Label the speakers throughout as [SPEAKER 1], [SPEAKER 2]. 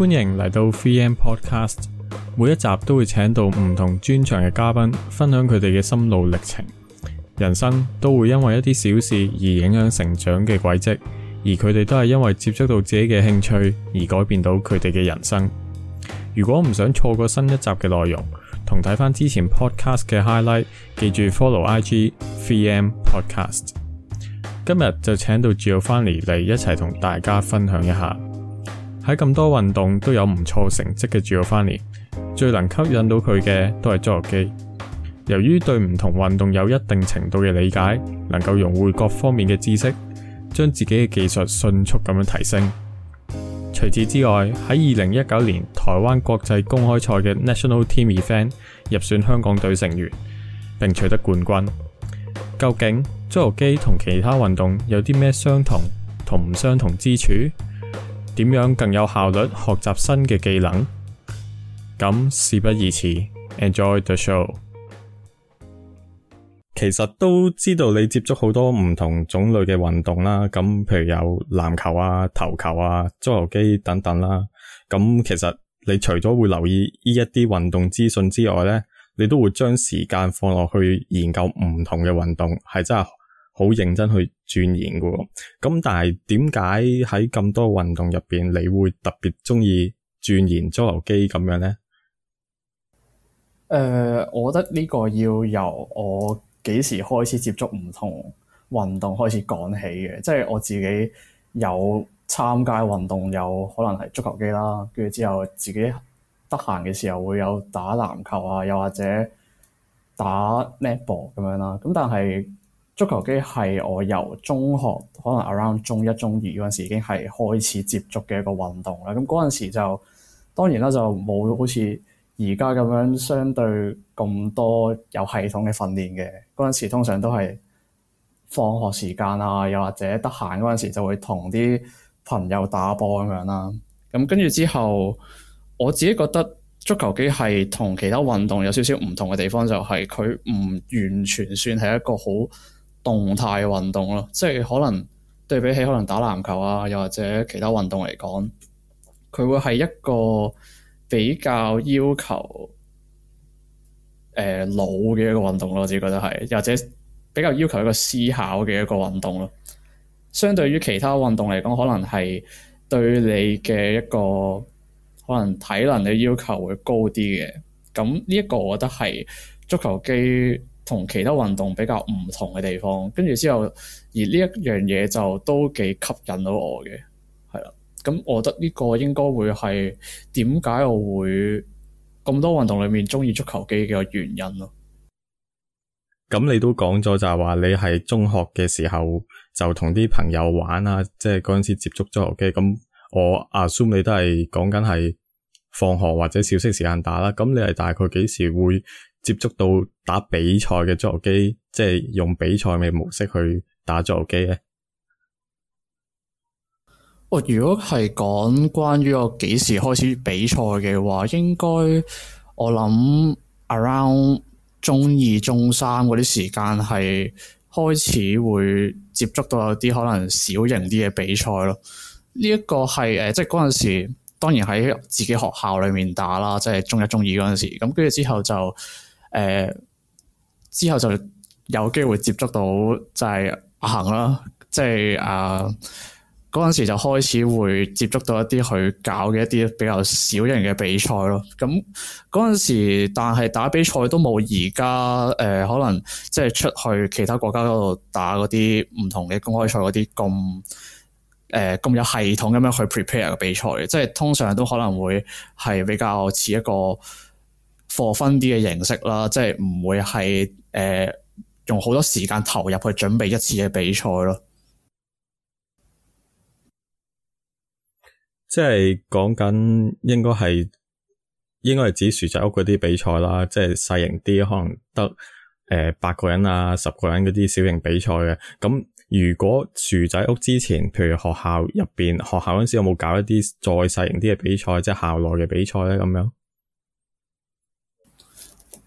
[SPEAKER 1] 歡迎嚟到 VM Podcast，每一集都會請到唔同專長嘅嘉賓，分享佢哋嘅心路歷程。人生都會因為一啲小事而影響成長嘅軌跡，而佢哋都係因為接觸到自己嘅興趣而改變到佢哋嘅人生。如果唔想錯過新一集嘅內容，同睇翻之前 Podcast 嘅 Highlight，記住 Follow IG VM Podcast。今日就請到 Giovanni 嚟一齊同大家分享一下。喺咁多運動都有唔錯成績嘅，Giovanni，最能吸引到佢嘅都係足球機。由於對唔同運動有一定程度嘅理解，能夠融匯各方面嘅知識，將自己嘅技術迅速咁樣提升。除此之外，喺二零一九年台灣國際公開賽嘅 National Team Event 入選香港隊成員，並取得冠軍。究竟足球機同其他運動有啲咩相同同唔相同之處？點樣更有效率學習新嘅技能？咁事不宜遲，Enjoy the show。其實都知道你接觸好多唔同種類嘅運動啦，咁譬如有籃球啊、投球啊、足球機等等啦。咁其實你除咗會留意呢一啲運動資訊之外咧，你都會將時間放落去研究唔同嘅運動，係真係。好認真去鑽研嘅喎，咁但係點解喺咁多運動入邊，你會特別鍾意鑽研足球機咁樣咧？
[SPEAKER 2] 誒、呃，我覺得呢個要由我幾時開始接觸唔同運動開始講起嘅，即係我自己有參加運動，有可能係足球機啦，跟住之後自己得閒嘅時候會有打籃球啊，又或者打 netball 咁樣啦，咁但係。足球機係我由中學可能 around 中一中二嗰陣時已經係開始接觸嘅一個運動啦。咁嗰陣時就當然啦，就冇好似而家咁樣相對咁多有系統嘅訓練嘅嗰陣時，通常都係放學時間啊，又或者得閒嗰陣時就會同啲朋友打波咁樣啦，啊。咁跟住之後，我自己覺得足球機係同其他運動有少少唔同嘅地方，就係佢唔完全算係一個好。動態運動咯，即係可能對比起可能打籃球啊，又或者其他運動嚟講，佢會係一個比較要求誒腦嘅一個運動咯，我自己覺得係，或者比較要求一個思考嘅一個運動咯。相對於其他運動嚟講，可能係對你嘅一個可能體能嘅要求會高啲嘅。咁呢一個我覺得係足球機。同其他運動比較唔同嘅地方，跟住之後，而呢一樣嘢就都幾吸引到我嘅，係啦。咁我覺得呢個應該會係點解我會咁多運動裏面中意足球機嘅原因咯。
[SPEAKER 1] 咁你都講咗就係話你係中學嘅時候就同啲朋友玩啊，即係嗰陣時接觸足球機。咁我阿 s u 你都係講緊係放學或者小息時間打啦。咁你係大概幾時會？接觸到打比賽嘅足球機，即係用比賽嘅模式去打足球機咧。
[SPEAKER 2] 我、哦、如果係講關於我幾時開始比賽嘅話，應該我諗 around 中二、中三嗰啲時間係開始會接觸到有啲可能小型啲嘅比賽咯。呢、這、一個係誒、呃，即係嗰陣時當然喺自己學校裏面打啦，即係中一、中二嗰陣時。咁跟住之後就。誒，uh, 之後就有機會接觸到就係行啦，即係啊嗰陣時就開始會接觸到一啲去搞嘅一啲比較小型嘅比賽咯。咁嗰陣時，但係打比賽都冇而家誒，可能即係出去其他國家嗰度打嗰啲唔同嘅公開賽嗰啲咁誒咁有系統咁樣去 prepare 嘅比賽，即係通常都可能會係比較似一個。課分啲嘅形式啦，即係唔會係誒、呃、用好多時間投入去準備一次
[SPEAKER 1] 嘅比賽咯。即係講緊應該係應該係指薯仔屋嗰啲比賽啦，即係細型啲，可能得誒八個人啊、十個人嗰啲小型比賽嘅。咁如果薯仔屋之前，譬如，學校入邊，學校嗰時有冇搞一啲再細型啲嘅比賽，即係校內嘅比賽咧，咁樣。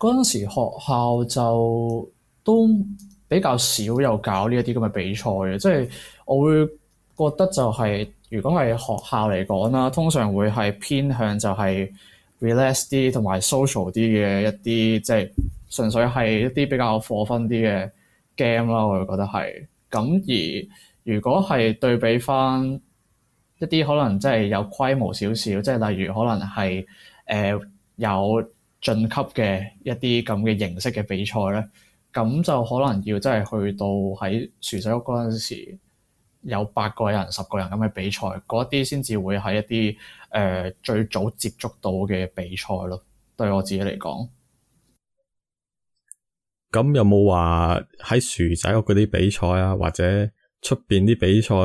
[SPEAKER 2] 嗰陣時學校就都比較少有搞呢一啲咁嘅比賽嘅，即係我會覺得就係，如果係學校嚟講啦，通常會係偏向就係 relax 啲同埋 social 啲嘅一啲，即係純粹係一啲比較有課分啲嘅 game 啦，我就覺得係。咁而如果係對比翻一啲可能即係有規模少少，即係例如可能係誒有晉級嘅一啲咁嘅形式嘅比賽咧，咁就可能要真係去到喺薯仔屋嗰陣時有八個人、十個人咁嘅比賽，嗰啲先至會係一啲誒、呃、最早接觸到嘅比賽咯。對我自己嚟講，
[SPEAKER 1] 咁有冇話喺薯仔屋嗰啲比賽啊，或者出邊啲比賽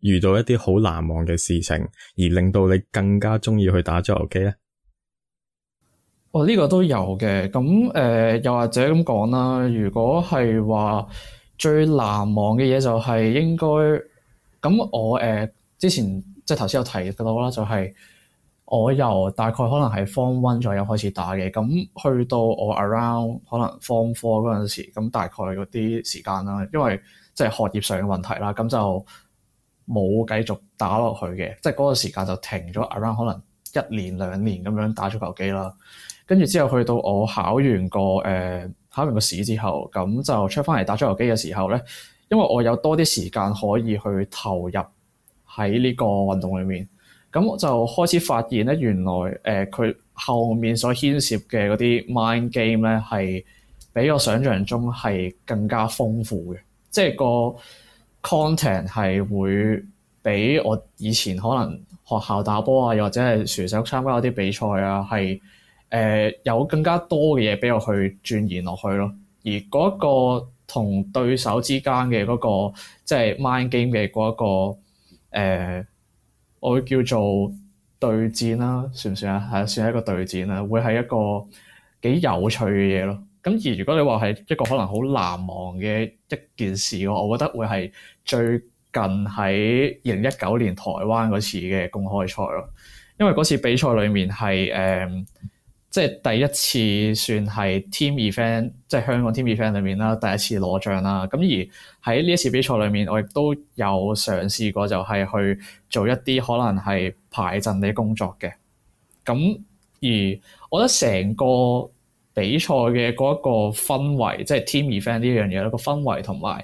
[SPEAKER 1] 遇到一啲好難忘嘅事情，而令到你更加鍾意去打足球機咧？
[SPEAKER 2] 哦，呢個都有嘅。咁誒、呃，又或者咁講啦。如果係話最難忘嘅嘢，就係應該咁我誒、呃、之前即係頭先有提到啦，就係、是、我由大概可能係 form one 左右開始打嘅，咁去到我 around 可能 form four 嗰陣時，咁大概嗰啲時間啦，因為即係學業上嘅問題啦，咁就冇繼續打落去嘅，即係嗰個時間就停咗。around 可能一年兩年咁樣打足球機啦。跟住之後，去到我考完個誒、呃、考完個試之後，咁就出翻嚟打足球機嘅時候咧，因為我有多啲時間可以去投入喺呢個運動裏面，咁我就開始發現咧，原來誒佢、呃、後面所牽涉嘅嗰啲 mind game 咧，係比我想象中係更加豐富嘅，即係個 content 係會比我以前可能學校打波啊，又或者係選手參加一啲比賽啊，係。誒、呃、有更加多嘅嘢俾我去鑽研落去咯，而嗰一個同對手之間嘅嗰、那個即係、就是、mind game 嘅嗰一個誒、呃，我會叫做對戰啦、啊，算唔算啊？係算係一個對戰啦、啊，會係一個幾有趣嘅嘢咯。咁而如果你話係一個可能好難忘嘅一件事嘅話，我覺得會係最近喺二零一九年台灣嗰次嘅公開賽咯，因為嗰次比賽裡面係誒、呃即係第一次算係 Team Event，即係香港 Team Event 裏面啦，第一次攞獎啦。咁而喺呢一次比賽裏面，我亦都有嘗試過，就係去做一啲可能係排陣啲工作嘅。咁而我覺得成個比賽嘅嗰一個氛圍，即係 Team Event 呢樣嘢咧，個氛圍同埋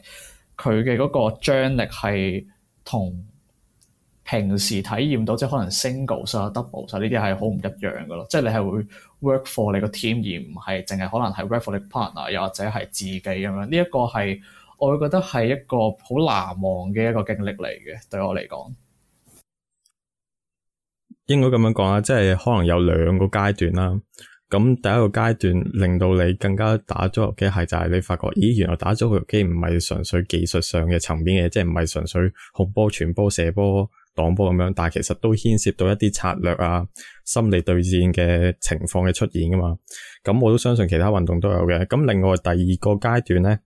[SPEAKER 2] 佢嘅嗰個張力係同平時體驗到即係可能 single 啊、double 啊呢啲係好唔一樣㗎囉，即係你係會 work for 你個 team 而唔係淨係可能係 work for 你 partner 又或者係自己咁樣。呢、這、一個係我會覺得係一個好難忘嘅一個經歷嚟嘅，對我嚟講
[SPEAKER 1] 應該咁樣講啊，即係可能有兩個階段啦。咁第一個階段令到你更加打足球機係就係你發覺，咦原來打足球機唔係純粹技術上嘅層面嘅，即係唔係純粹紅波傳波射波。擋波咁樣，但係其實都牽涉到一啲策略啊、心理對戰嘅情況嘅出現噶嘛。咁我都相信其他運動都有嘅。咁另外第二個階段呢，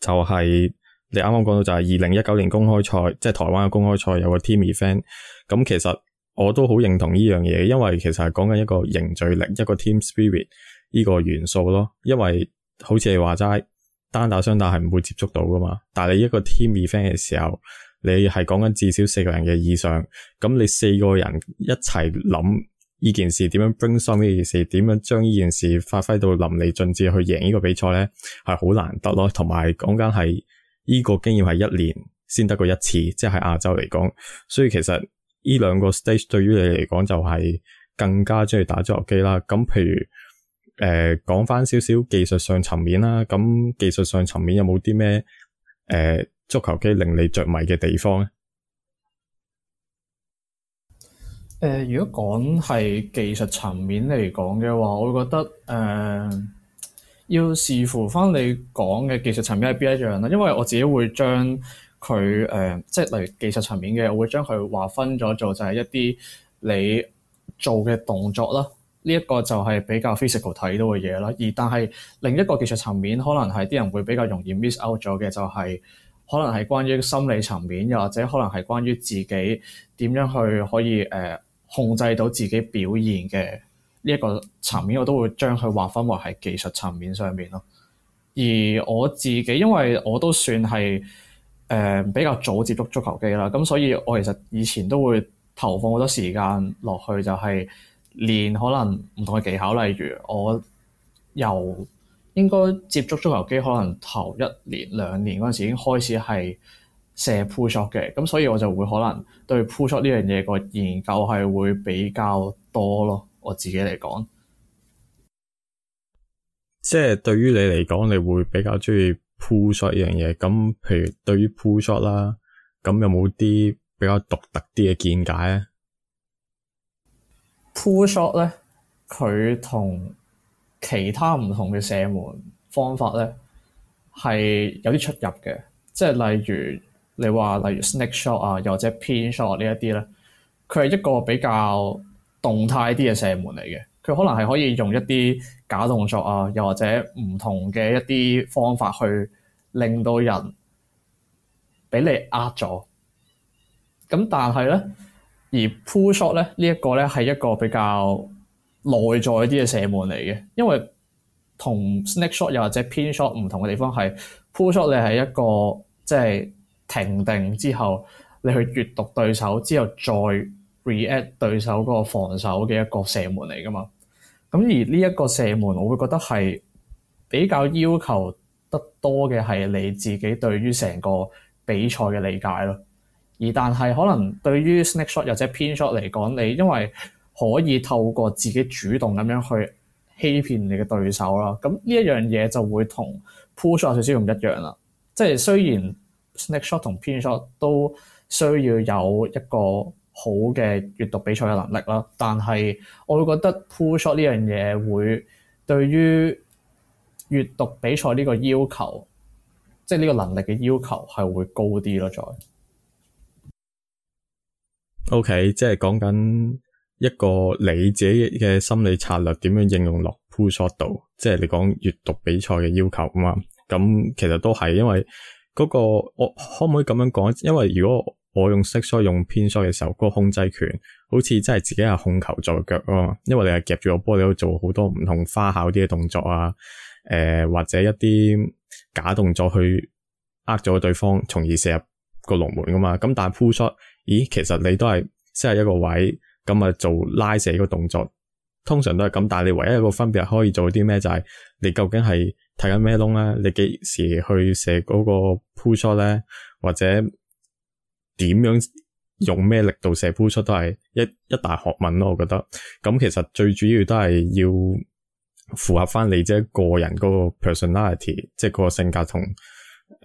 [SPEAKER 1] 就係、是、你啱啱講到就係二零一九年公開賽，即係台灣嘅公開賽有個 team event。咁其實我都好認同呢樣嘢，因為其實係講緊一個凝聚力、一個 team spirit 呢個元素咯。因為好似你話齋單打、雙打係唔會接觸到噶嘛，但係你一個 team event 嘅時候。你係講緊至少四個人嘅以上，咁你四個人一齊諗呢件事點樣 bring some 呢件事，點樣將呢件事發揮到淋漓盡致去贏呢個比賽呢係好難得咯。同埋講緊係呢個經驗係一年先得過一次，即係亞洲嚟講，所以其實呢兩個 stage 對於你嚟講就係更加中意打足球機啦。咁譬如誒講翻少少技術上層面啦，咁技術上層面有冇啲咩誒？呃足球機令你着迷嘅地方
[SPEAKER 2] 咧？誒、呃，如果講係技術層面嚟講嘅話，我會覺得誒、呃，要視乎翻你講嘅技術層面係邊一樣啦。因為我自己會將佢誒、呃，即係例如技術層面嘅，我會將佢劃分咗做就係一啲你做嘅動作啦。呢、這、一個就係比較 physical 睇到嘅嘢啦。而但係另一個技術層面，可能係啲人會比較容易 miss out 咗嘅，就係、是。可能係關於心理層面，又或者可能係關於自己點樣去可以誒、呃、控制到自己表現嘅呢一個層面，我都會將佢劃分為係技術層面上面咯。而我自己因為我都算係誒、呃、比較早接觸足球機啦，咁所以我其實以前都會投放好多時間落去，就係、是、練可能唔同嘅技巧，例如我由應該接觸足球機，可能頭一年、兩年嗰陣時已經開始係射 push shot 嘅，咁所以我就會可能對 push shot 呢樣嘢個研究係會比較多咯。我自己嚟講，
[SPEAKER 1] 即係對於你嚟講，你會比較鍾意 push shot 呢樣嘢。咁譬如對於 push shot 啦，咁有冇啲比較獨特啲嘅見解咧？
[SPEAKER 2] push shot 咧，
[SPEAKER 1] 佢同。其他
[SPEAKER 2] 唔同嘅射門方法咧，係有啲出入嘅，即係例如你話，例如 snake shot 啊，又或者 pin shot 呢一啲咧，佢係一個比較動態啲嘅射門嚟嘅。佢可能係可以用一啲假動作啊，又或者唔同嘅一啲方法去令到人俾你呃咗。咁但係咧，而 pull shot 咧呢一個咧係一個比較內在啲嘅射門嚟嘅，因為同 snake shot 又或者 pin shot 唔同嘅地方係 pull shot，你係一個即係、就是、停定之後，你去閲讀對手之後再 react 對手嗰個防守嘅一個射門嚟噶嘛。咁而呢一個射門，我會覺得係比較要求得多嘅係你自己對於成個比賽嘅理解咯。而但係可能對於 snake shot 又或者 pin shot 嚟講，你因為可以透過自己主動咁樣去欺騙你嘅對手啦，咁呢一樣嘢就會有同 push shot 少少唔一樣啦。即係雖然 snake shot 同 pin shot 都需要有一個好嘅閱讀比賽嘅能力啦，但係我會覺得 push shot 呢樣嘢會對於閱讀比賽呢個要求，即係呢個能力嘅要求係會高啲咯。再。
[SPEAKER 1] OK，即係講緊。一個你自己嘅心理策略點樣應用落 push shot 度，即係你講閱讀比賽嘅要求啊嘛，咁其實都係，因為嗰、那個我可唔可以咁樣講？因為如果我用息梭用偏梭嘅時候，嗰、那個控制權好似真係自己係控球在腳啊嘛，因為你係夾住個波，你要做好多唔同花巧啲嘅動作啊，誒、呃、或者一啲假動作去呃咗對方，從而射入個龍門噶嘛，咁但 push shot，咦其實你都係即 e 一個位。咁啊，做拉射個動作通常都係咁，但係你唯一一個分別可以做啲咩，就係你究竟係睇緊咩窿咧？你幾時去射嗰個 push shot 咧？或者點樣用咩力度射 push shot 都係一一大學問咯。我覺得咁其實最主要都係要符合翻你即個人嗰個 personality，即係嗰個性格同誒、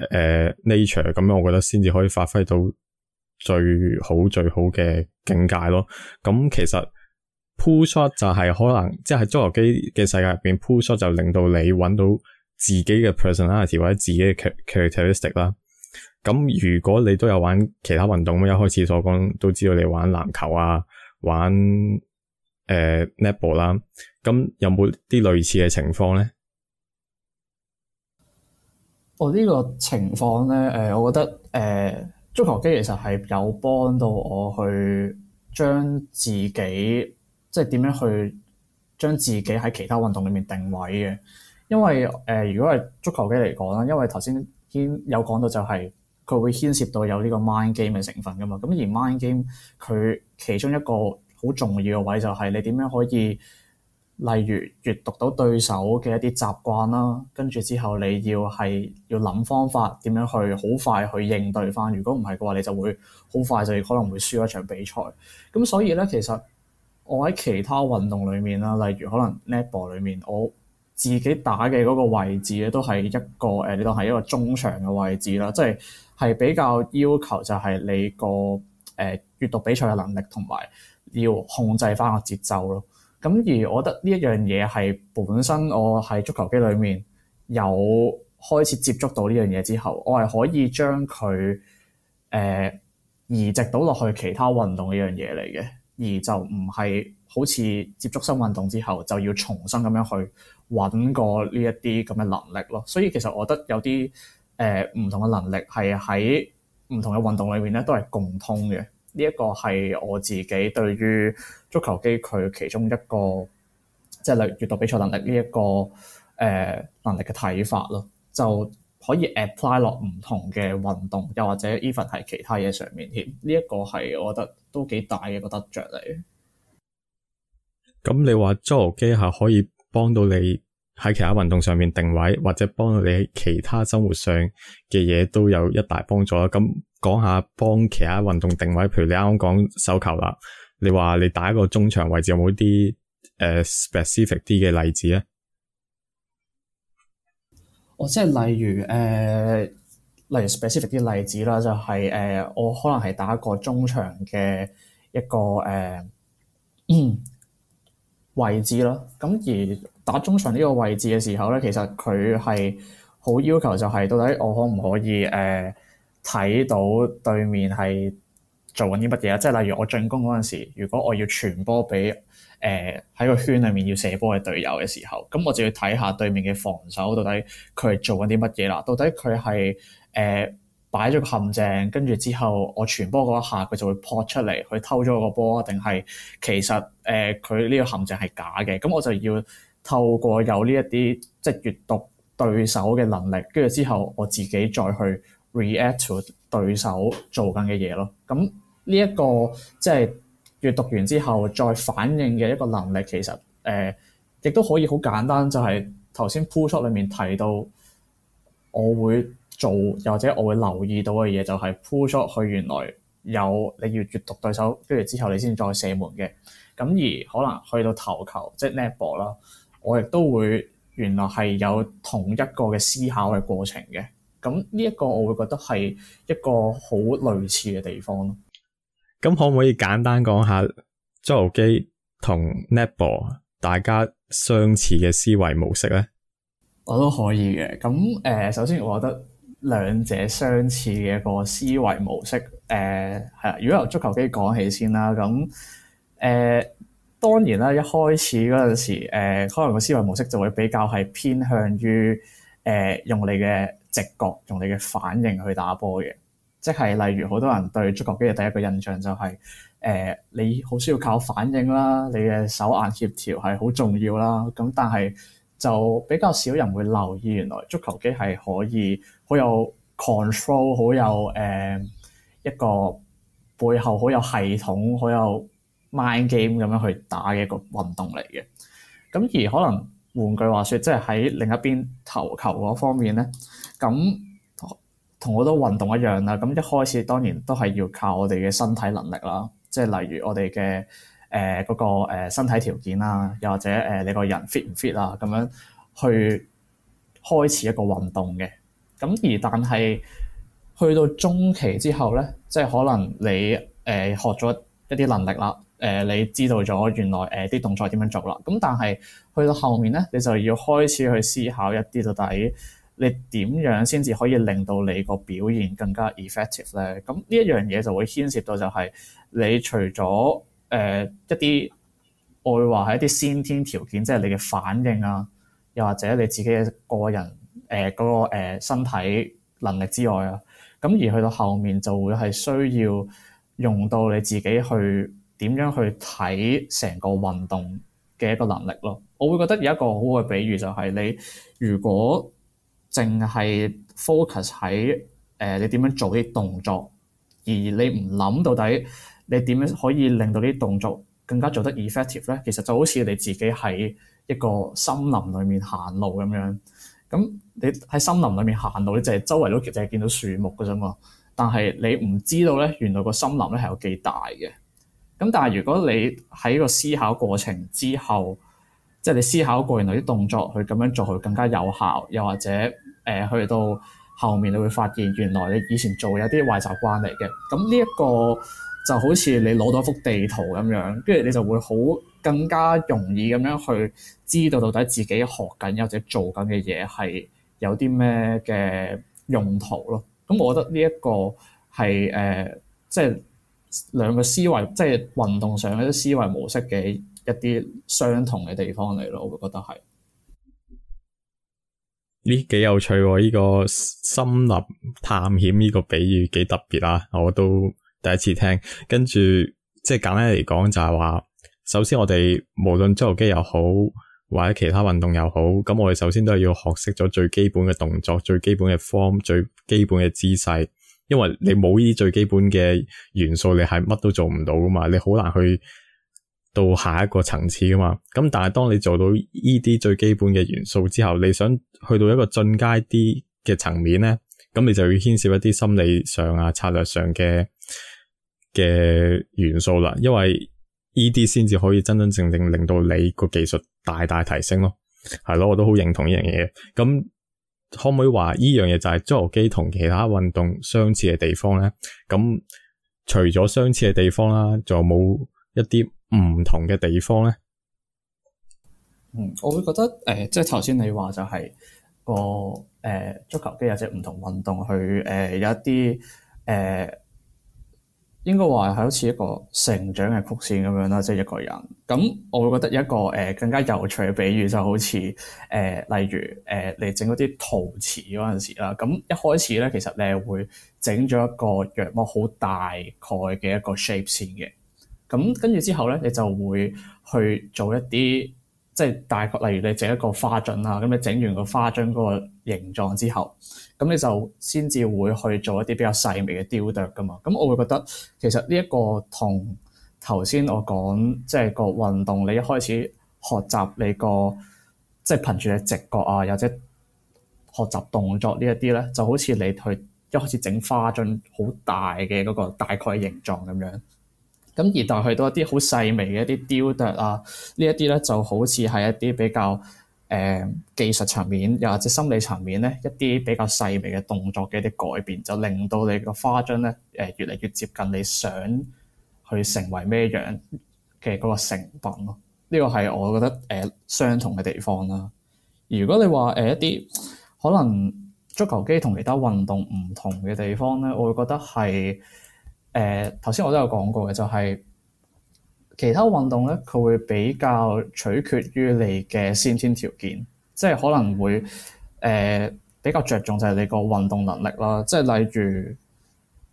[SPEAKER 1] 呃、nature，咁樣我覺得先至可以發揮到。最好最好嘅境界咯。咁、嗯、其實 push out 就係可能即係喺足球機嘅世界入邊，push out 就令到你揾到自己嘅 personality 或者自己嘅 characteristic 啦。咁、嗯、如果你都有玩其他運動咁，一開始所講都知道你玩籃球啊，玩誒 netball 啦。咁、呃啊嗯、有冇啲類似嘅情況咧？
[SPEAKER 2] 我呢、哦這個情況咧，誒、呃，我覺得誒。呃足球機其實係有幫到我，去將自己即係點樣去將自己喺其他運動裏面定位嘅。因為誒、呃，如果係足球機嚟講啦，因為頭先牽有講到就係佢會牽涉到有呢個 mind game 嘅成分㗎嘛。咁而 mind game 佢其中一個好重要嘅位就係你點樣可以。例如，閱讀到對手嘅一啲習慣啦，跟住之後你要係要諗方法點樣去好快去應對翻。如果唔係嘅話，你就會好快就可能會輸一場比賽。咁所以咧，其實我喺其他運動裏面啦，例如可能 netball 裏面，我自己打嘅嗰個位置咧，都係一個誒，你當係一個中場嘅位置啦，即係係比較要求就係你個誒、呃、閱讀比賽嘅能力，同埋要控制翻個節奏咯。咁而我覺得呢一樣嘢係本身我喺足球機裡面有開始接觸到呢樣嘢之後，我係可以將佢誒移植到落去其他運動呢樣嘢嚟嘅，而就唔係好似接觸新運動之後就要重新咁樣去揾過呢一啲咁嘅能力咯。所以其實我覺得有啲誒唔同嘅能力係喺唔同嘅運動裏面咧都係共通嘅。呢一個係我自己對於足球機佢其中一個，即係例如閱讀比賽能力呢、這、一個誒、呃、能力嘅睇法咯，就可以 apply 落唔同嘅運動，又或者 even 係其他嘢上面添。呢、這、一個係我覺得都幾大嘅個得着嚟。
[SPEAKER 1] 咁你話足球機係可以幫到你喺其他運動上面定位，或者幫到你喺其他生活上嘅嘢都有一大幫助啦。咁講下幫其他運動定位，譬如你啱啱講手球啦，你話你打一個中場位置，有冇啲誒 specific 啲嘅例子咧？
[SPEAKER 2] 哦，即係例如誒、呃，例如 specific 啲例子啦，就係、是、誒、呃，我可能係打一個中場嘅一個誒、呃嗯、位置咯。咁而打中場呢個位置嘅時候咧，其實佢係好要求，就係到底我可唔可以誒？呃睇到對面係做緊啲乜嘢啊，即係例如我進攻嗰陣時，如果我要傳波俾誒喺個圈裡面要射波嘅隊友嘅時候，咁我就要睇下對面嘅防守到底佢係做緊啲乜嘢啦。到底佢係誒擺咗個陷阱，跟住之後我傳波嗰一下佢就會撲出嚟去偷咗個波，定係其實誒佢呢個陷阱係假嘅？咁我就要透過有呢一啲即係閲讀對手嘅能力，跟住之後我自己再去。React to 對手做緊嘅嘢咯，咁呢一個即係閲讀完之後再反應嘅一個能力，其實誒亦、呃、都可以好簡單，就係頭先 push shot 裏面提到我會做又或者我會留意到嘅嘢，就係 push shot 佢原來有你要閲讀對手跟住之後你先再射門嘅。咁而可能去到投球即係、就是、net ball 啦，我亦都會原來係有同一個嘅思考嘅過程嘅。咁呢一個，我會覺得係一個好類似嘅地方咯。
[SPEAKER 1] 咁可唔可以簡單講下足球機同 Netball 大家相似嘅思維模式咧？
[SPEAKER 2] 我都可以嘅。咁誒、呃，首先我覺得兩者相似嘅一個思維模式誒係啊。如果由足球機講起先啦，咁誒、呃、當然啦，一開始嗰陣時、呃、可能個思維模式就會比較係偏向於誒、呃、用你嘅，直覺用你嘅反應去打波嘅，即係例如好多人對足球機嘅第一個印象就係、是、誒、呃，你好需要靠反應啦，你嘅手眼協調係好重要啦。咁但係就比較少人會留意，原來足球機係可以好有 control、嗯、好有 control，好有誒一個背後好有系統，好有 mind game 咁樣去打嘅一個運動嚟嘅。咁而可能換句話說，即係喺另一邊投球嗰方面咧。咁同好多運動一樣啦。咁一開始，當然都係要靠我哋嘅身體能力啦，即係例如我哋嘅誒嗰個身體條件啦、啊，又或者誒、呃、你個人 fit 唔 fit 啊，咁樣去開始一個運動嘅。咁而但係去到中期之後咧，即係可能你誒、呃、學咗一啲能力啦，誒、呃、你知道咗原來誒啲、呃、動作點樣做啦。咁但係去到後面咧，你就要開始去思考一啲到底。你點樣先至可以令到你個表現更加 effective 咧？咁呢一樣嘢就會牽涉到就係你除咗誒、呃、一啲，我會話係一啲先天條件，即係你嘅反應啊，又或者你自己嘅個人誒嗰、呃嗰個、呃、身體能力之外啊。咁而去到後面就會係需要用到你自己去點樣去睇成個運動嘅一個能力咯。我會覺得有一個好嘅比喻就係你如果，淨係 focus 喺誒、呃、你點樣做啲動作，而你唔諗到底你點樣可以令到啲動作更加做得 effective 咧。其實就好似你自己喺一個森林裡面行路咁樣，咁你喺森林裡面行路，你就係周圍都就係見到樹木嘅啫嘛。但係你唔知道咧，原來個森林咧係有幾大嘅。咁但係如果你喺個思考過程之後，即係你思考過原來啲動作去咁樣做，佢更加有效，又或者～誒去到後面，你會發現原來你以前做有啲壞習慣嚟嘅。咁呢一個就好似你攞到幅地圖咁樣，跟住你就會好更加容易咁樣去知道到底自己學緊或者做緊嘅嘢係有啲咩嘅用途咯。咁我覺得呢一個係誒，即係兩個思維，即係運動上嘅一啲思維模式嘅一啲相同嘅地方嚟咯。我會覺得係。
[SPEAKER 1] 呢幾有趣喎，呢個森林探險呢個比喻幾特別啊！我都第一次聽。跟住即係簡單嚟講，就係話首先我哋無論周游機又好，或者其他運動又好，咁我哋首先都係要學識咗最基本嘅動作、最基本嘅 form、最基本嘅姿勢，因為你冇呢啲最基本嘅元素，你係乜都做唔到噶嘛。你好難去到下一個層次噶嘛？咁但係當你做到呢啲最基本嘅元素之後，你想去到一個進階啲嘅層面呢，咁你就要牽涉一啲心理上啊、策略上嘅嘅元素啦。因為呢啲先至可以真真正正令到你個技術大大提升咯。係咯，我都好認同呢樣嘢。咁可唔可以話呢樣嘢就係足球機同其他運動相似嘅地方呢？咁除咗相似嘅地方啦，仲有冇？一啲唔同嘅地方咧，
[SPEAKER 2] 嗯，我會覺得誒、呃，即係頭先你話就係、是、個誒、呃、足球機有只唔同運動去誒、呃，有一啲誒、呃，應該話係好似一個成長嘅曲線咁樣啦。即係一個人咁，我會覺得一個誒、呃、更加有趣嘅比喻就好似誒、呃，例如誒、呃，你整嗰啲陶瓷嗰陣時啦，咁一開始咧，其實你係會整咗一個約莫好大概嘅一個 shape 先嘅。咁跟住之後咧，你就會去做一啲即係大概，例如你整一個花樽啊，咁你整完個花樽嗰個形狀之後，咁你就先至會去做一啲比較細微嘅雕琢㗎嘛。咁我會覺得其實呢一個同頭先我講即係個運動，你一開始學習你個即係憑住你直覺啊，或者學習動作呢一啲咧，就好似你去一開始整花樽好大嘅嗰個大概形狀咁樣。咁而帶去到一啲好細微嘅一啲雕琢啊，呢一啲咧，就好似係一啲比較誒、呃、技術層面，又或者心理層面咧一啲比較細微嘅動作嘅一啲改變，就令到你個花樽咧誒越嚟越接近你想去成為咩樣嘅嗰個成品咯。呢個係我覺得誒、呃、相同嘅地方啦。如果你話誒、呃、一啲可能足球機同其他運動唔同嘅地方咧，我會覺得係。誒頭先我都有講過嘅，就係其他運動咧，佢會比較取決於你嘅先天條件，即係可能會誒比較着重就係你個運動能力啦，即係例如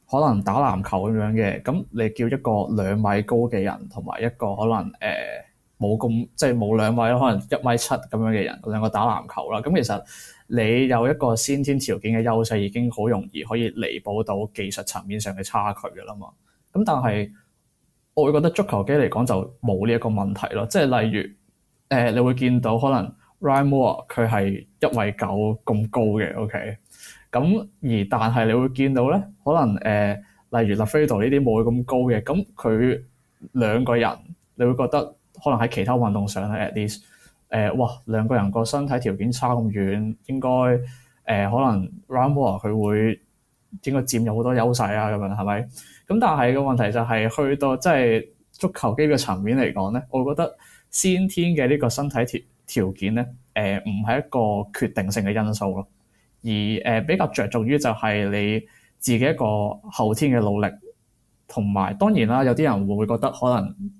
[SPEAKER 2] 可能打籃球咁樣嘅，咁你叫一個兩米高嘅人同埋一個可能誒冇咁即係冇兩米啦，可能一米七咁樣嘅人兩個打籃球啦，咁其實。你有一個先天條件嘅優勢，已經好容易可以彌補到技術層面上嘅差距㗎喇嘛。咁但係，我會覺得足球機嚟講就冇呢一個問題囉。即係例如，誒、呃，你會見到可能 Ryan Moore 佢係一米九咁高嘅，OK。咁而但係你會見到咧，可能誒、呃，例如 Lafredo 呢啲冇咁高嘅，咁佢兩個人，你會覺得可能喺其他運動上咧，at least。誒、呃、哇，兩個人個身體條件差咁遠，應該誒、呃、可能 Rambo 啊佢會應該佔有好多優勢啊，咁樣係咪？咁但係個問題就係、是、去到即係足球機嘅層面嚟講咧，我覺得先天嘅呢個身體條條件咧，誒唔係一個決定性嘅因素咯。而誒、呃、比較着重於就係你自己一個後天嘅努力，同埋當然啦，有啲人會覺得可能。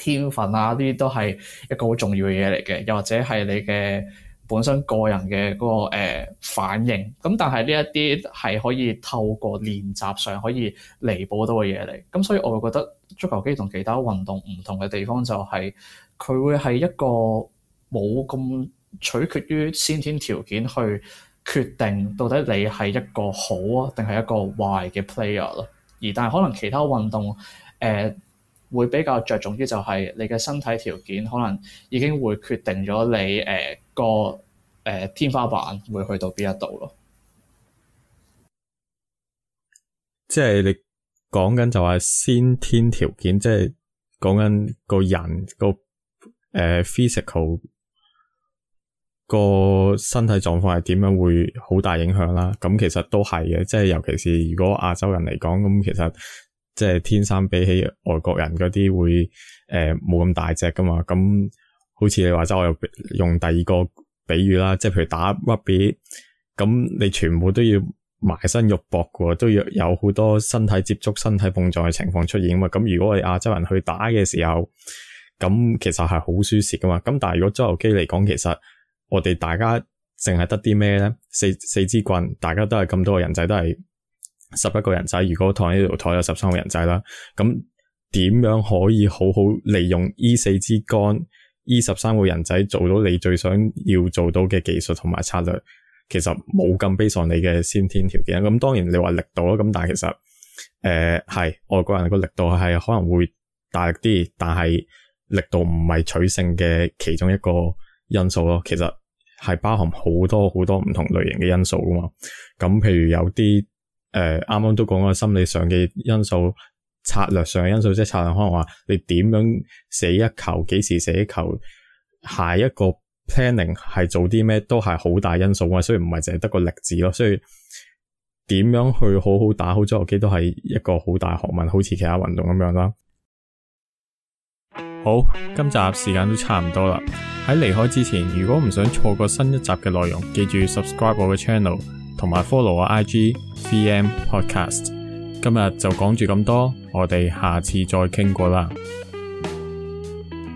[SPEAKER 2] 天分啊，呢啲都係一個好重要嘅嘢，嚟嘅，又或者係你嘅本身個人嘅嗰、嗰個誒、呃、反應，咁但係呢一啲係可以透過練習上可以彌補到嘅嘢嚟。咁所以我會覺得足球機同其他運動唔同嘅地方就係，佢會係一個冇咁取決於先天條件去決定到底你係一個好啊定係一個壞嘅 player 咯。而但係可能其他運動誒。呃會比較着重於就係你嘅身體條件，可能已經會決定咗你誒個誒天花板會去到邊一度咯。
[SPEAKER 1] 即係你講緊就話先天條件，即係講緊個人個誒、呃、physical 個身體狀況係點樣，會好大影響啦。咁、嗯、其實都係嘅，即係尤其是如果亞洲人嚟講，咁、嗯、其實。即係天生比起外國人嗰啲會誒冇咁大隻噶嘛，咁好似你話齋，我又用第二個比喻啦，即係譬如打 rugby，咁你全部都要埋身肉搏嘅喎，都要有好多身體接觸、身體碰撞嘅情況出現啊嘛。咁如果係亞洲人去打嘅時候，咁其實係好舒適噶嘛。咁但係如果足球機嚟講，其實我哋大家淨係得啲咩咧？四四支棍，大家都係咁多個人仔都係。十一個人仔，如果同呢度台有十三個人仔啦，咁點樣可以好好利用呢四支桿呢十三個人仔，做到你最想要做到嘅技術同埋策略？其實冇咁 based on 你嘅先天條件，咁當然你話力度咯，咁但係其實誒係、呃、外國人個力度係可能會大力啲，但係力度唔係取勝嘅其中一個因素咯。其實係包含好多好多唔同類型嘅因素噶嘛。咁譬如有啲。誒，啱啱，呃、都講過心理上嘅因素，策略上嘅因素，即係策略可能話你點樣寫一球，幾時寫一球，下一個 planning 係做啲咩，都係好大因素啊！所以唔係淨係得個力字咯，所以點樣去好好打好足球機都係一個好大學問，好似其他運動咁樣啦。好，今集時間都差唔多啦。喺離開之前，如果唔想錯過新一集嘅內容，記住 subscribe 我嘅 channel。同埋 follow 我 IG VM Podcast，今日就講住咁多，我哋下次再傾過啦。